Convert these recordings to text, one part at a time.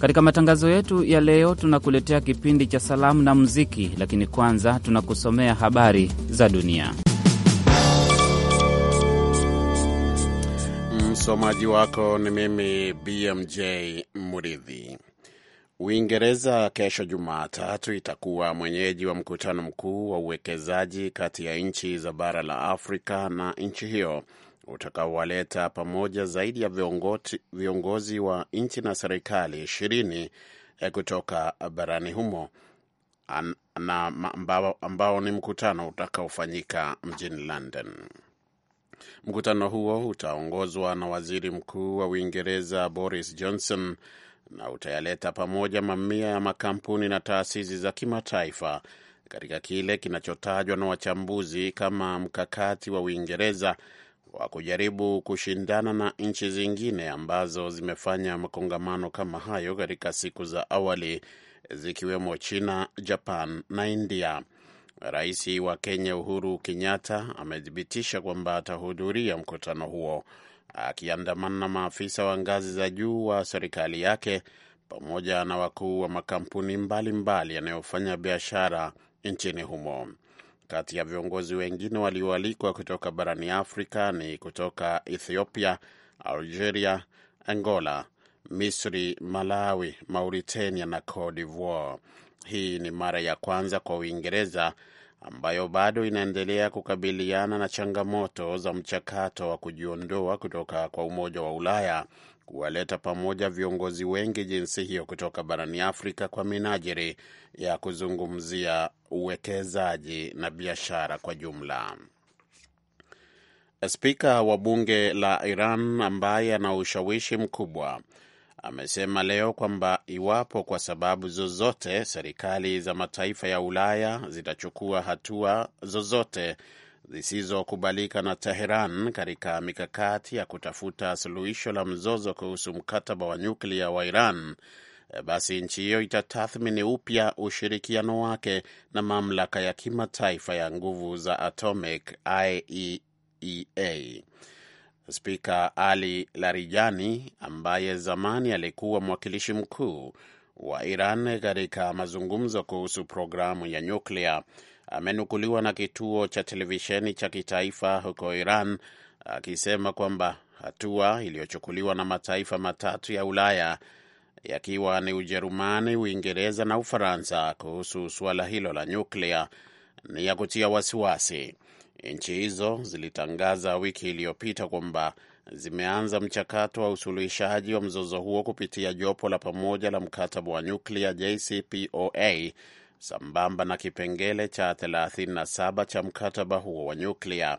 Katika matangazo yetu ya leo, tunakuletea kipindi cha salamu na muziki, lakini kwanza tunakusomea habari za dunia. Msomaji wako ni mimi BMJ Muridhi. Uingereza kesho Jumatatu itakuwa mwenyeji wa mkutano mkuu wa uwekezaji kati ya nchi za bara la Afrika na nchi hiyo utakaowaleta pamoja zaidi ya viongozi, viongozi wa nchi na serikali ishirini eh, kutoka barani humo na ambao, ambao ni mkutano utakaofanyika mjini London. Mkutano huo utaongozwa na waziri mkuu wa Uingereza Boris Johnson na utayaleta pamoja mamia ya makampuni na taasisi za kimataifa katika kile kinachotajwa na wachambuzi kama mkakati wa Uingereza wa kujaribu kushindana na nchi zingine ambazo zimefanya makongamano kama hayo katika siku za awali zikiwemo China, Japan na India. Rais wa Kenya Uhuru Kenyatta amethibitisha kwamba atahudhuria mkutano huo akiandamana na maafisa wa ngazi za juu wa serikali yake pamoja na wakuu wa makampuni mbalimbali yanayofanya biashara nchini humo. Kati ya viongozi wengine walioalikwa kutoka barani Afrika ni kutoka Ethiopia, Algeria, Angola, Misri, Malawi, Mauritania na Cote d'Ivoire. Hii ni mara ya kwanza kwa Uingereza ambayo bado inaendelea kukabiliana na changamoto za mchakato wa kujiondoa kutoka kwa Umoja wa Ulaya kuwaleta pamoja viongozi wengi jinsi hiyo kutoka barani Afrika kwa minajili ya kuzungumzia uwekezaji na biashara kwa jumla. Spika wa bunge la Iran ambaye ana ushawishi mkubwa amesema leo kwamba iwapo kwa sababu zozote serikali za mataifa ya Ulaya zitachukua hatua zozote zisizokubalika na Teheran katika mikakati ya kutafuta suluhisho la mzozo kuhusu mkataba wa nyuklia wa Iran, eh, basi nchi hiyo itatathmini upya ushirikiano wake na mamlaka ya kimataifa ya nguvu za atomic IAEA. E Spika Ali Larijani ambaye zamani alikuwa mwakilishi mkuu wa Iran katika mazungumzo kuhusu programu ya nyuklia amenukuliwa na kituo cha televisheni cha kitaifa huko Iran akisema kwamba hatua iliyochukuliwa na mataifa matatu ya Ulaya yakiwa ni Ujerumani, Uingereza na Ufaransa kuhusu suala hilo la nyuklia ni ya kutia wasiwasi. Nchi hizo zilitangaza wiki iliyopita kwamba zimeanza mchakato wa usuluhishaji wa mzozo huo kupitia jopo la pamoja la mkataba wa nyuklia JCPOA sambamba na kipengele cha 37 cha mkataba huo wa nyuklia,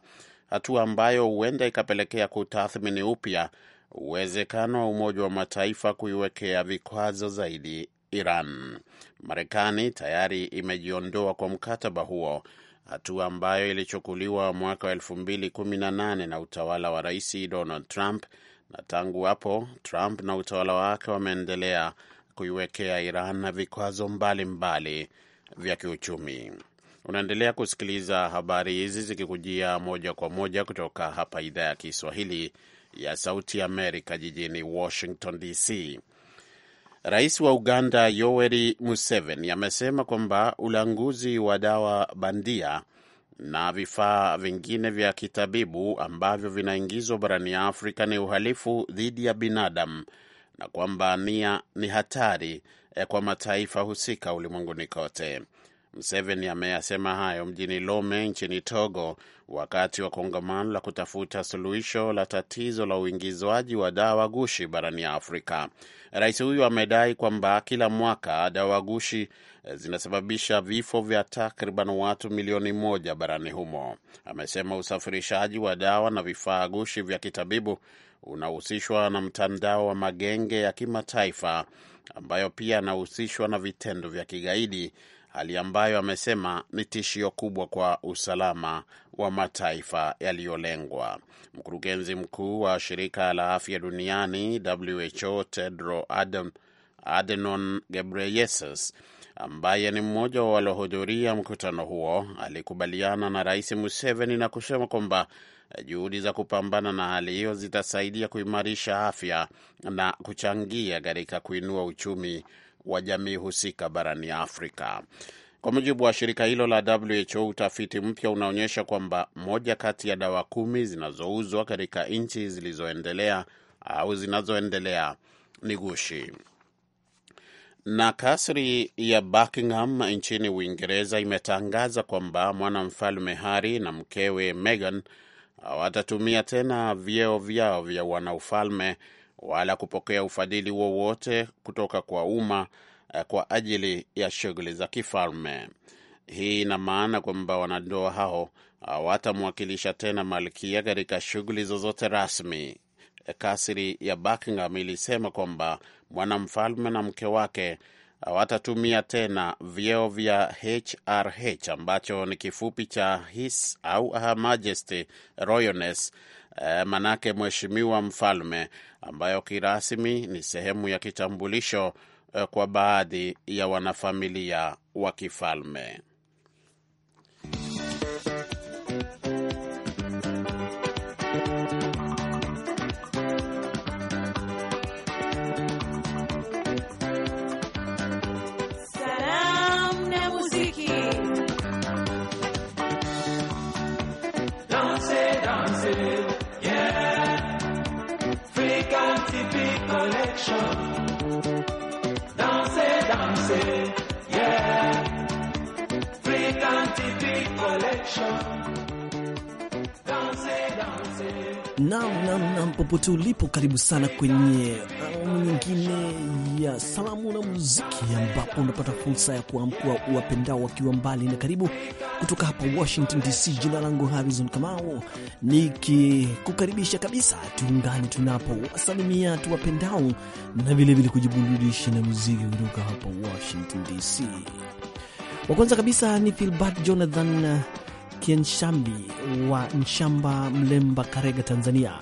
hatua ambayo huenda ikapelekea kutathmini upya uwezekano wa Umoja wa Mataifa kuiwekea vikwazo zaidi Iran. Marekani tayari imejiondoa kwa mkataba huo, hatua ambayo ilichukuliwa mwaka wa nane na utawala wa Rais Donald Trump, na tangu hapo Trump na utawala wake wameendelea kuiwekea Iran na vikwazo mbalimbali mbali vya kiuchumi. Unaendelea kusikiliza habari hizi zikikujia moja kwa moja kutoka hapa idhaa ya Kiswahili ya Sauti Amerika jijini Washington DC. Rais wa Uganda Yoweri Museveni amesema kwamba ulanguzi wa dawa bandia na vifaa vingine vya kitabibu ambavyo vinaingizwa barani Afrika ni uhalifu dhidi ya binadamu na kwamba nia ni hatari Eh, kwa mataifa husika ulimwenguni kote. Mseveni ameyasema hayo mjini Lome nchini Togo wakati wa kongamano la kutafuta suluhisho la tatizo la uingizwaji wa dawa gushi barani Afrika. Rais huyu amedai kwamba kila mwaka dawa gushi eh, zinasababisha vifo vya takriban watu milioni moja barani humo. Amesema usafirishaji wa dawa na vifaa gushi vya kitabibu unahusishwa na mtandao wa magenge ya kimataifa ambayo pia anahusishwa na vitendo vya kigaidi, hali ambayo amesema ni tishio kubwa kwa usalama wa mataifa yaliyolengwa. Mkurugenzi mkuu wa shirika la afya duniani WHO Adam, Adenon Ghebreyesus ambaye ni mmoja wa waliohudhuria mkutano huo alikubaliana na Rais Museveni na kusema kwamba Juhudi za kupambana na hali hiyo zitasaidia kuimarisha afya na kuchangia katika kuinua uchumi wa jamii husika barani Afrika. Kwa mujibu wa shirika hilo la WHO, utafiti mpya unaonyesha kwamba moja kati ya dawa kumi zinazouzwa katika nchi zilizoendelea au zinazoendelea ni gushi. Na kasri ya Buckingham nchini Uingereza imetangaza kwamba mwanamfalme Harry na mkewe Meghan hawatatumia tena vyeo vyao vya wanaufalme wala kupokea ufadhili wowote kutoka kwa umma eh, kwa ajili ya shughuli za kifalme. Hii ina maana kwamba wanandoa hao hawatamwakilisha tena malkia katika shughuli zozote rasmi. Eh, kasri ya Buckingham ilisema kwamba mwanamfalme na mke wake hawatatumia tena vyeo vya HRH ambacho ni kifupi cha His au Her Majesty Royalness, eh, manake mheshimiwa mfalme, ambayo kirasmi ni sehemu ya kitambulisho eh, kwa baadhi ya wanafamilia wa kifalme. County Collection. Danser, danser, yeah. Free County Collection. Naam, naam, naam, popote ulipo, karibu sana kwenye awamu um, nyingine ya salamu na muziki, ambapo unapata fursa ya kuamkua uwapendao wakiwa mbali na karibu, kutoka hapa Washington DC. Jina langu Harrison Kamau, nikikukaribisha kabisa, tuungane tunapo wasalimia tuwapendao na vilevile kujiburudisha na muziki kutoka hapa Washington DC. Wa kwanza kabisa ni Filbert Jonathan Kienshambi wa Nshamba, Mlemba, Karega, Tanzania,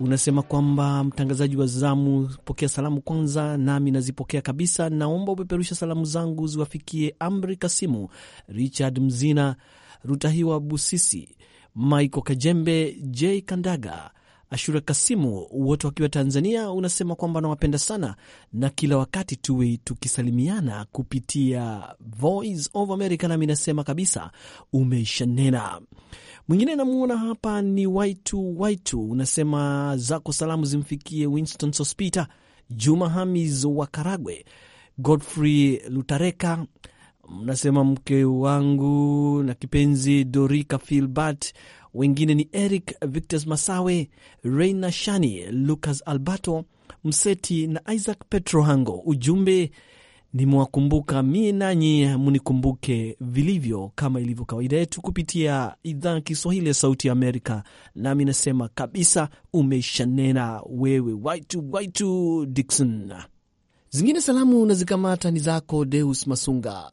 unasema kwamba mtangazaji wa zamu, pokea salamu kwanza, nami nazipokea kabisa. Naomba upeperusha salamu zangu ziwafikie Amri Kasimu, Richard Mzina, Rutahiwa Busisi, Maiko Kajembe, J Kandaga, Ashura Kasimu, wote wakiwa Tanzania, unasema kwamba nawapenda sana na kila wakati tuwe tukisalimiana kupitia Voice of America, nami nasema kabisa umeisha nena. Mwingine namuona hapa ni Waitu Waitu, unasema zako salamu zimfikie Winston Sospita, Juma Hamis wa Karagwe, Godfrey Lutareka, nasema mke wangu na kipenzi Dorika Filbert wengine ni Eric Victos Masawe, Reina Shani, Lucas albato Mseti na Isaac Petro Hango. Ujumbe nimewakumbuka mie, nanyi munikumbuke vilivyo, kama ilivyo kawaida yetu kupitia idhaa Kiswahili ya Sauti ya Amerika. Nami nasema kabisa, umeshanena wewe, waitu waitu Dikson. Zingine salamu na zikamata ni zako Deus Masunga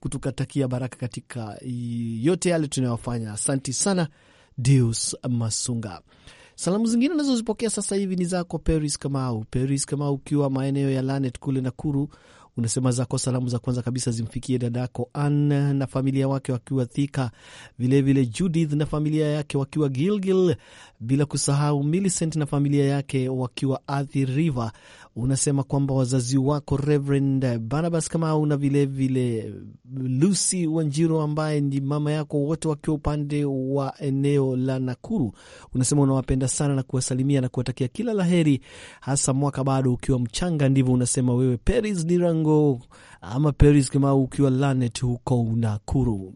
kutukatakia baraka katika yote yale tunayofanya. Asanti sana Deus Masunga. Salamu zingine nazozipokea sasa hivi ni zako Peris Kamau. Peris Kamau, ukiwa maeneo ya Lanet kule Nakuru, unasema zako salamu za kwanza kabisa zimfikie dadako Ann na familia wake wakiwa Thika, vilevile Judith na familia yake wakiwa Gilgil, bila kusahau Millicent na familia yake wakiwa Athi River unasema kwamba wazazi wako Reverend Barnabas Kamau na vilevile Lucy Wanjiro ambaye ni mama yako, wote wakiwa upande wa eneo la Nakuru. Unasema unawapenda sana na kuwasalimia na kuwatakia kila laheri, hasa mwaka bado ukiwa mchanga. Ndivyo unasema wewe Peris Nirango ama Peris Kamau ukiwa Lanet huko Nakuru.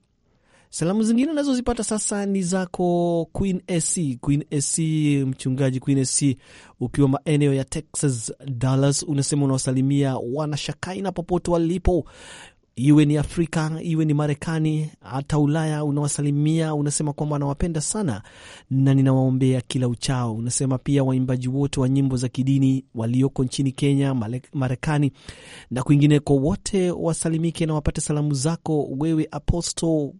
Salamu zingine nazozipata sasa ni zako Queen AC, Queen AC, mchungaji Queen AC, ukiwa maeneo ya Texas, Dallas, unasema unawasalimia wanashakaina popote walipo iwe ni Afrika iwe ni Marekani hata Ulaya, unawasalimia unasema kwamba anawapenda sana na ninawaombea kila uchao. Unasema pia waimbaji wote wa nyimbo za kidini walioko nchini Kenya, Marekani na kwingineko, wote wasalimike na wapate salamu zako wewe, Apostle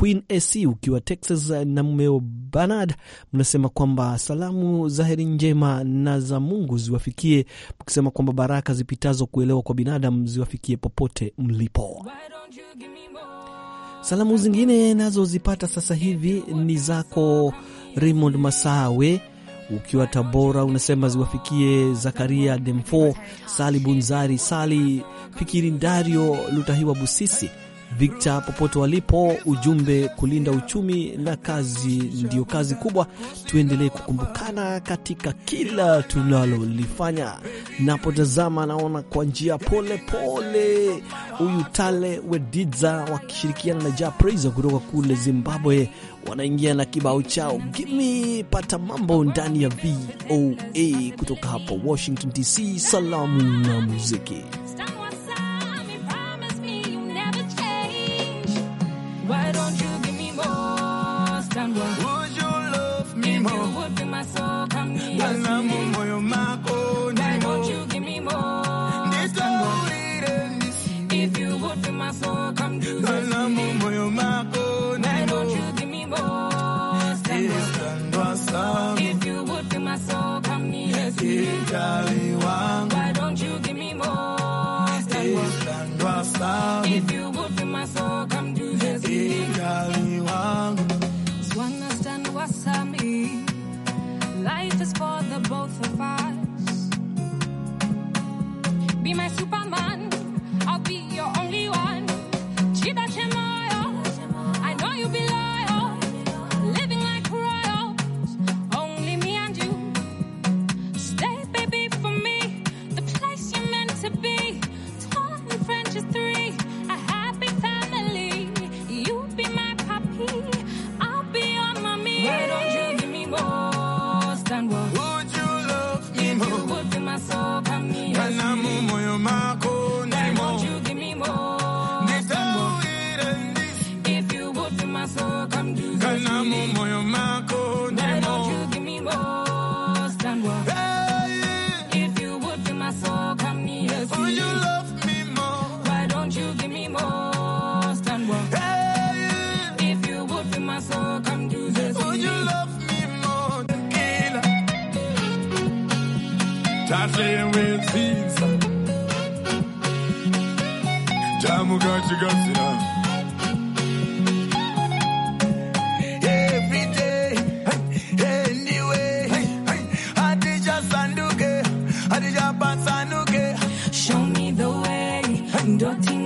Queen AC ukiwa Texas na mmeo Bernard, mnasema kwamba salamu za heri njema na za Mungu ziwafikie, mkisema kwamba baraka zipitazo kuelewa kwa binadamu ziwafikie popote mlipo. Salamu zingine nazozipata sasa hivi ni zako Raymond Masawe ukiwa Tabora, unasema ziwafikie Zakaria Demfo, Sali Bunzari, Sali Fikiri, Dario Lutahiwa Busisi Victor popote walipo, ujumbe kulinda uchumi na kazi ndiyo kazi kubwa. Tuendelee kukumbukana katika kila tunalolifanya. Napotazama naona kwa njia pole pole, huyu Tale wediza wakishirikiana na Ja Praise kutoka kule Zimbabwe wanaingia na kibao chao gimi pata mambo ndani ya VOA kutoka hapa Washington DC. Salamu na muziki. Why don't you give me more? than one. be my super 请多听。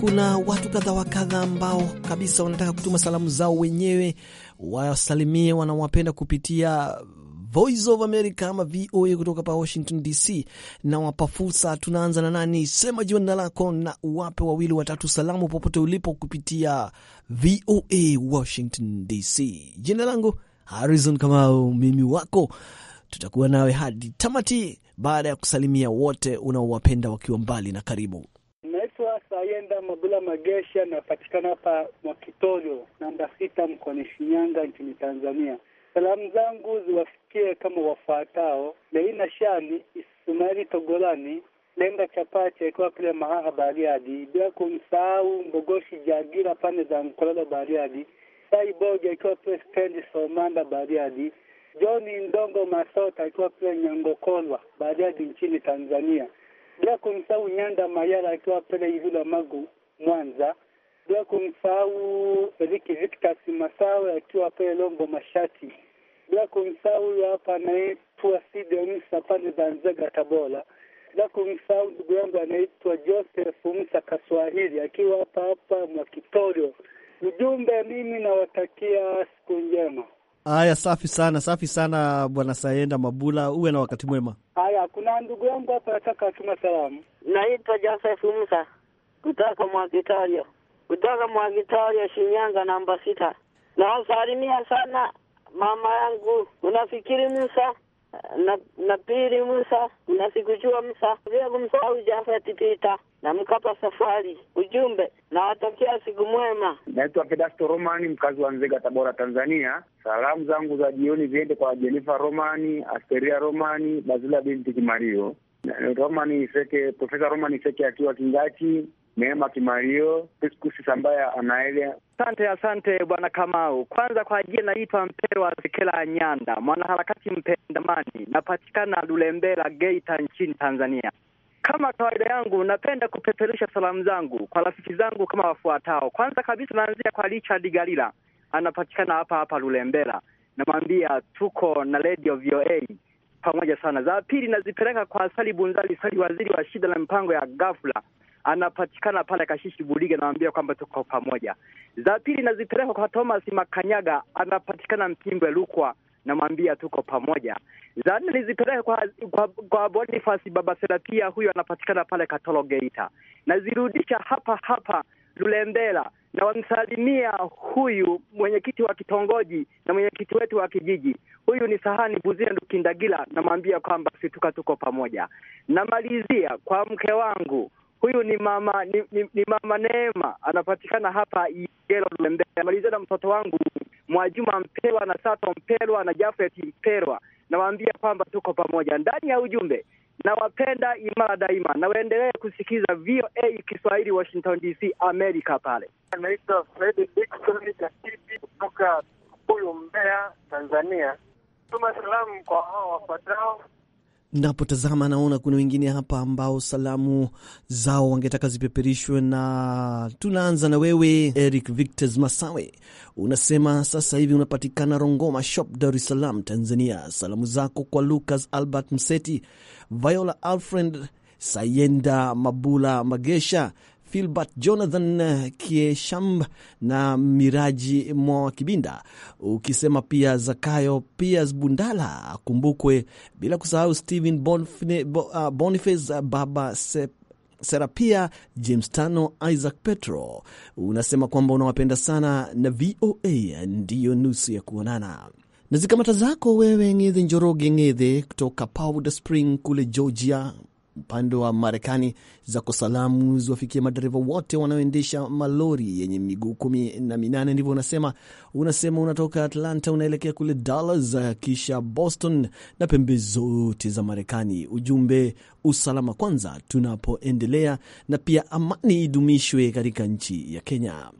kuna watu kadha wa kadha ambao kabisa wanataka kutuma salamu zao wenyewe wasalimie wanawapenda kupitia Voice of America ama VOA kutoka pa Washington DC. Na wapa fursa, tunaanza na nani? Sema jina lako na uwape wawili watatu salamu popote ulipo kupitia VOA Washington DC. Jina langu Harrison Kamau, mimi wako, tutakuwa nawe hadi tamati, baada ya kusalimia wote unaowapenda wakiwa mbali na karibu. Kalenda Mabula Magesha, napatikana hapa Mwakitorio namba sita mkoani Shinyanga nchini Tanzania. Salamu zangu ziwafikie kama wafuatao: Leina Shani, Ismaili Togolani, Lenga Chapache akiwa kule Mahaha Bariadi, bila kumsahau Mbogoshi Jagira pande za Mkololo Bariadi, Sai akiwa pale stendi Somanda Bariadi, Johni Ndongo Masota akiwa pale Nyangokolwa Bariadi nchini Tanzania bila kumsahau Nyanda Mayala akiwa pele Ivula Magu Mwanza, bila kumsahau Eriki Victus Masawe akiwa pele Lombo Mashati, bila kumsahau huyo hapa anaitwa Sidemsa pande za Nzega Tabora, bila kumsahau ndugu yangu anaitwa Joseph Musa Kaswahili akiwa hapa hapa Mwakitorio. Ujumbe, mimi nawatakia siku njema. Haya, safi sana, safi sana Bwana Sayenda Mabula, uwe na wakati mwema. Haya, kuna ndugu yangu hapa nataka atuma salamu. Naitwa Joseph Musa kutoka Mwakitario, kutoka Mwakitario, Shinyanga, namba sita. Nawasalimia sana mama yangu unafikiri Musa na, na pili Musa unasikujua Musa, bila kumsahau Jafet Pita na Mkapa Safari. Ujumbe, nawatakia siku mwema. Naitwa Pedasto Romani, mkazi wa Nzega, Tabora, Tanzania. Salamu zangu za jioni ziende kwa Jenifa Romani, Asteria Romani, Bazila binti Kimario, Romani Seke, Profesa Romani Seke akiwa kingati Neema Kimario, Piskusi Sambaya anaelea. Asante, asante Bwana Kamau. Kwanza kwa ajili naitwa Mpero wa Sekela Nyanda, mwanaharakati mpendamani, napatikana Lulembela, Geita nchini Tanzania. Kama kawaida yangu, napenda kupeperusha salamu zangu kwa rafiki zangu kama wafuatao. Kwanza kabisa, naanzia kwa Richard Galila, anapatikana hapa hapa Lulembela, namwambia tuko na Radio VOA pamoja sana. Za pili nazipeleka kwa Sali Bunzali Sali, waziri wa shida na mipango ya ghafla, anapatikana pale Kashishi Bulige, namwambia kwamba tuko pamoja. Za pili nazipeleka kwa Thomas Makanyaga, anapatikana Mpimbwe Lukwa, namwambia tuko pamoja. Zani nne nizipeleke kwa, kwa, kwa Boniface Baba Serapia, huyu anapatikana pale Katoro Geita. Nazirudisha hapa hapa Lulembela na wamsalimia huyu mwenyekiti wa kitongoji na mwenyekiti wetu wa kijiji. Huyu ni Sahani Buzia Ndukindagila, namwambia kwamba situka tuko pamoja. Namalizia kwa mke wangu Huyu ni mama ni, ni, ni mama Neema, anapatikana hapa Igelo Lembea. Amalizia na mtoto wangu Mwajuma Mpelwa na Sato Mpelwa na Jafet Mpelwa, nawaambia kwamba tuko pamoja ndani ya ujumbe. Nawapenda imara daima, na waendelee kusikiza VOA Kiswahili, Washington DC, Amerika. Pale anaitwa Fredi kutoka huyu Mbeya, Tanzania. Tuma salamu kwa hao wafuatao napotazama naona kuna wengine hapa ambao salamu zao wangetaka zipeperishwe, na tunaanza na wewe Eric Victes Masawe. Unasema sasa hivi unapatikana Rongoma Shop, Dar es Salaam, Tanzania. Salamu zako kwa Lucas Albert Mseti, Viola Alfred Sayenda Mabula Magesha Filbert Jonathan Kieshamb na Miraji Mwa Kibinda, ukisema pia Zakayo Pias Bundala akumbukwe, bila kusahau Stephen uh, Boniface, uh, Baba Sep Serapia James Tano, Isaac Petro. Unasema kwamba unawapenda sana na VOA ndiyo nusu ya kuonana na zikamata zako. Wewe Ngedhe Njoroge Ngedhe kutoka Powder Spring kule Georgia, upande wa Marekani zako salamu ziwafikia madereva wote wanaoendesha malori yenye miguu kumi na minane, ndivyo unasema. Unasema unatoka Atlanta unaelekea kule Dallas, kisha Boston na pembe zote za Marekani. Ujumbe usalama kwanza tunapoendelea, na pia amani idumishwe katika nchi ya Kenya.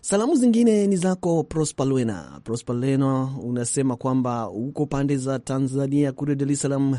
Salamu zingine ni zako Prospalwena. Prospalwena unasema kwamba uko pande za Tanzania kule Dar es Salaam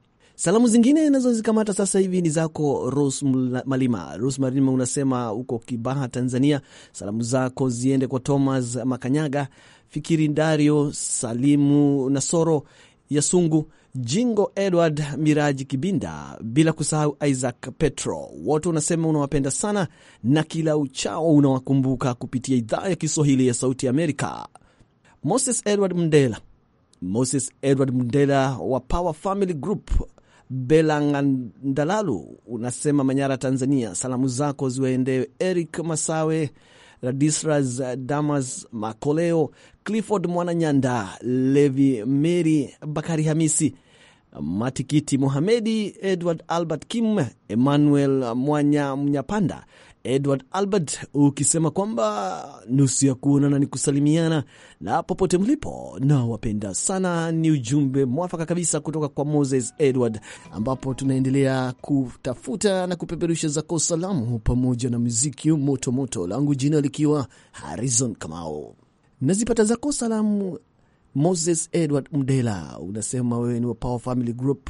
Salamu zingine nazozikamata sasa hivi ni zako Rose Malima. Rose Malima unasema uko Kibaha, Tanzania. Salamu zako ziende kwa Thomas Makanyaga, Fikiri Dario, Salimu Nasoro, Yasungu Jingo, Edward Miraji Kibinda, bila kusahau Isaac Petro. Wote unasema unawapenda sana na kila uchao unawakumbuka kupitia idhaa ya Kiswahili ya Sauti Amerika. Moses Edward Mndela, Moses Edward Mndela wa Power Family Group Belangandalalu unasema Manyara, Tanzania. Salamu zako ziwaendee Eric Masawe, Radisras Damas Makoleo, Clifford Mwananyanda, Levi Meri, Bakari Hamisi, Matikiti Mohamedi, Edward Albert Kim, Emmanuel Mwanya Mnyapanda, Edward Albert ukisema kwamba nusu ya kuonana ni kusalimiana, na popote mlipo nawapenda sana. Ni ujumbe mwafaka kabisa kutoka kwa Moses Edward, ambapo tunaendelea kutafuta na kupeperusha zako salamu pamoja na muziki moto moto, langu jina likiwa Harrison Kamao. Nazipata zako salamu Moses Edward Mdela, unasema wewe ni wa Power Family Group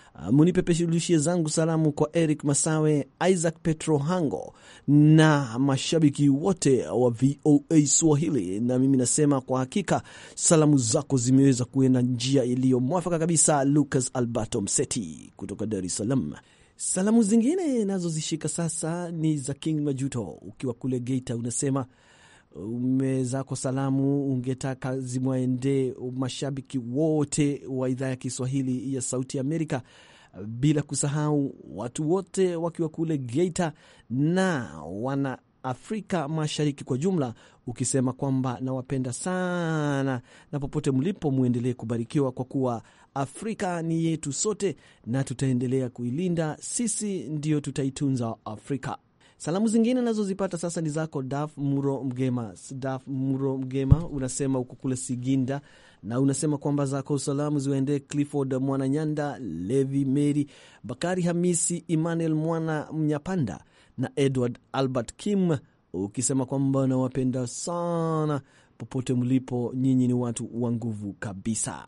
Ah, munipepeshulishie zangu salamu kwa Eric Masawe, Isaac Petro Hango na mashabiki wote wa VOA Swahili. Na mimi nasema kwa hakika salamu zako zimeweza kuenda njia iliyomwafaka kabisa. Lucas Alberto Mseti kutoka Dar es Salaam. Salamu zingine nazozishika sasa ni za King Majuto, ukiwa kule Geita, unasema umezako salamu ungetaka zimwaende mashabiki wote wa idhaa ya Kiswahili ya Sauti Amerika, bila kusahau watu wote wakiwa kule Geita na wana Afrika Mashariki kwa jumla, ukisema kwamba nawapenda sana na popote mlipo mwendelee kubarikiwa, kwa kuwa Afrika ni yetu sote na tutaendelea kuilinda. Sisi ndio tutaitunza Afrika. Salamu zingine nazozipata sasa ni zako Daf Muro Mgema. Daf Muro Mgema unasema uko kule Siginda na unasema kwamba zako salamu ziwaendee Clifford nyanda Levi Meri, Bakari Hamisi, Emmanuel Mwana Mnyapanda na Edward Albert Kim, ukisema kwamba nawapenda sana popote mlipo, nyinyi ni watu wa nguvu kabisa.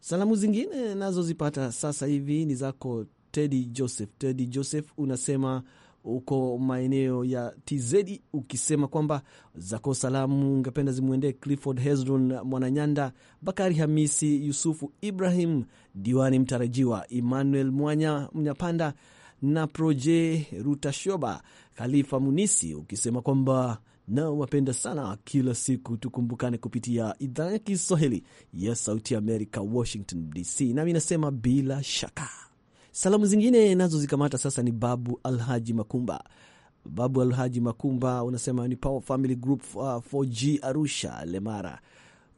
Salamu zingine nazozipata sasa hivi ni zako Tedi Joseph. Tedi Joseph unasema huko maeneo ya TZ ukisema kwamba zako salamu ungependa zimwendee Clifford Hezron Mwananyanda, Bakari Hamisi, Yusufu Ibrahim, diwani mtarajiwa Emmanuel Mwanya Mnyapanda na Proje Rutashoba, Khalifa Munisi, ukisema kwamba na wapenda sana, kila siku tukumbukane kupitia idhaa ya Kiswahili ya Sauti Amerika, Washington DC. Nami nasema bila shaka Salamu zingine nazo zikamata sasa ni Babu Alhaji Makumba. Babu Alhaji Makumba unasema ni Power Family Group 4G uh, Arusha Lemara.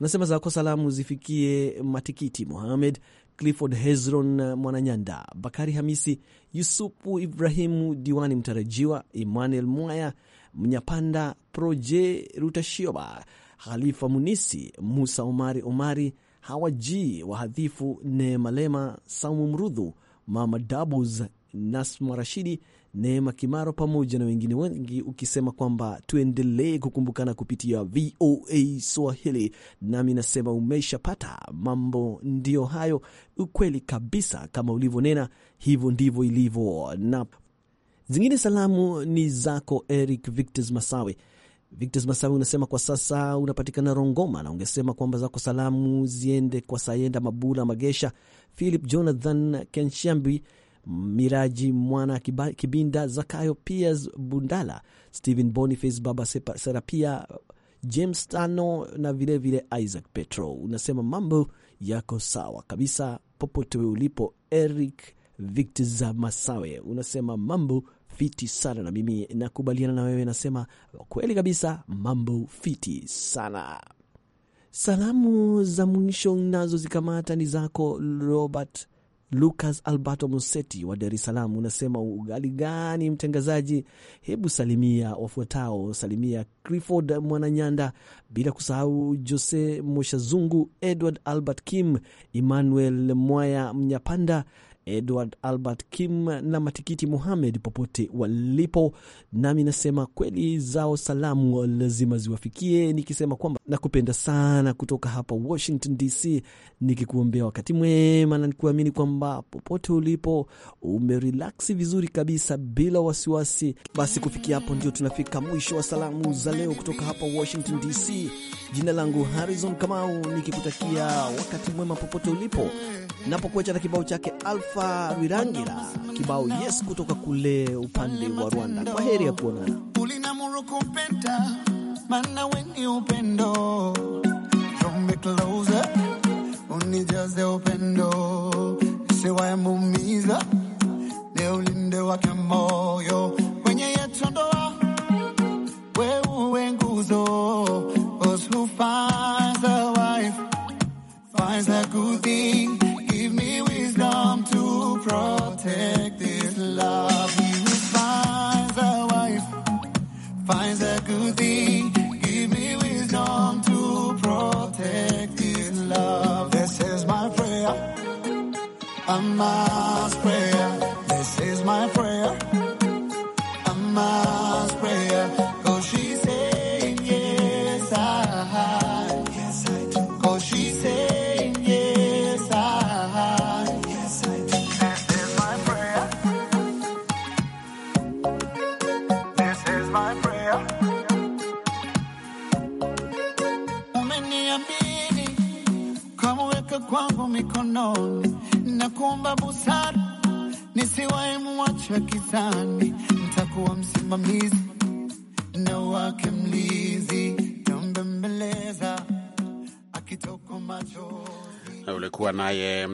Unasema zako salamu zifikie Matikiti Mohamed, Clifford Hezron uh, Mwananyanda, Bakari Hamisi, Yusufu Ibrahimu Diwani Mtarajiwa, Emmanuel Mwaya Mnyapanda, Proje Rutashioba, Khalifa Munisi, Musa Omari Omari, Hawaji Wahadhifu, Neemalema, Saumu Mrudhu Mama Doubles, Nasma Rashidi, Neema Kimaro pamoja na wengine wengi, ukisema kwamba tuendelee kukumbukana kupitia VOA Swahili. Nami nasema umeshapata mambo, ndiyo hayo. Ukweli kabisa, kama ulivyonena, hivyo ndivyo ilivyo. Na zingine salamu ni zako Eric Victos Masawe Victos Masawe unasema kwa sasa unapatikana Rongoma, na ungesema kwamba zako salamu ziende kwa Sayenda Mabula Magesha, Philip Jonathan Kenshambi, Miraji Mwana Kibinda, Zakayo Piers Bundala, Stephen Boniface, Baba Serapia, James Tano na vilevile vile Isaac Petro. Unasema mambo yako sawa kabisa popote ulipo. Eric Victos Masawe unasema mambo fiti sana, na mimi nakubaliana na wewe, nasema kweli kabisa, mambo fiti sana. Salamu za mwisho nazo zikamata ni zako Robert Lucas Alberto Museti wa Dar es Salaam, unasema ugali gani mtangazaji? Hebu salimia wafuatao, salimia Clifford Mwananyanda, bila kusahau Jose Moshazungu, Edward Albert Kim, Emmanuel Mwaya Mnyapanda, Edward Albert Kim na Matikiti Muhamed popote walipo, nami nasema kweli zao salamu lazima ziwafikie, nikisema kwamba nakupenda sana kutoka hapa Washington DC, nikikuombea wakati mwema na nikuamini kwamba popote ulipo umerilaksi vizuri kabisa bila wasiwasi. Basi kufikia hapo ndio tunafika mwisho wa salamu za leo kutoka hapa Washington DC. Jina langu Harrison Kamau, nikikutakia wakati mwema popote ulipo, napokuacha na kibao chake Alfa Wirangira, kibao yes kutoka kule upande wa Rwanda. Kwa heri ya kuonana. Mana upendo jombe closer, unijaze upendo siwaye muumiza, ni ulinde wake moyo mwenye yetu ndoa, wewe uwe nguzo finds a wife, finds a good thing. Give me wisdom to protect this love. He who finds a wife, finds a good thing. Give me wisdom to protect this love. This is my prayer. a must prayer.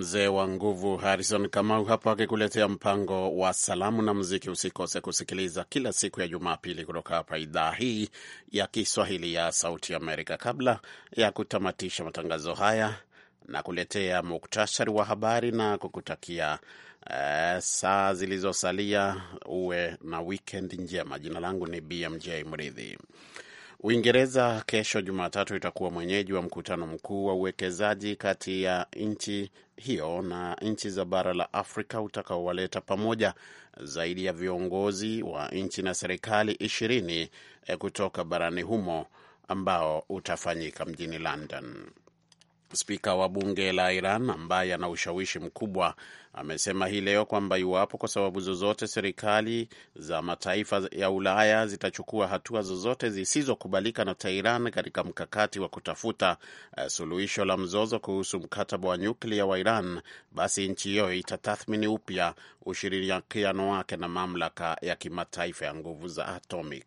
mzee wa nguvu Harrison Kamau hapo akikuletea mpango wa salamu na muziki. Usikose kusikiliza kila siku ya Jumapili kutoka hapa idhaa hii ya Kiswahili ya Sauti Amerika. Kabla ya kutamatisha matangazo haya na kuletea muktasari wa habari na kukutakia eh, saa zilizosalia uwe na wkend njema. Jina langu ni BMJ Mridhi. Uingereza kesho Jumatatu itakuwa mwenyeji wa mkutano mkuu wa uwekezaji kati ya nchi hiyo na nchi za bara la Afrika utakaowaleta pamoja zaidi ya viongozi wa nchi na serikali ishirini eh, kutoka barani humo ambao utafanyika mjini London. Spika wa bunge la Iran ambaye ana ushawishi mkubwa amesema hii leo kwamba iwapo kwa sababu zozote serikali za mataifa ya Ulaya zitachukua hatua zozote zisizokubalika na Tehran katika mkakati wa kutafuta uh, suluhisho la mzozo kuhusu mkataba wa nyuklia wa Iran, basi nchi hiyo itatathmini upya ushirikiano wake na mamlaka ya kimataifa ya nguvu za atomic.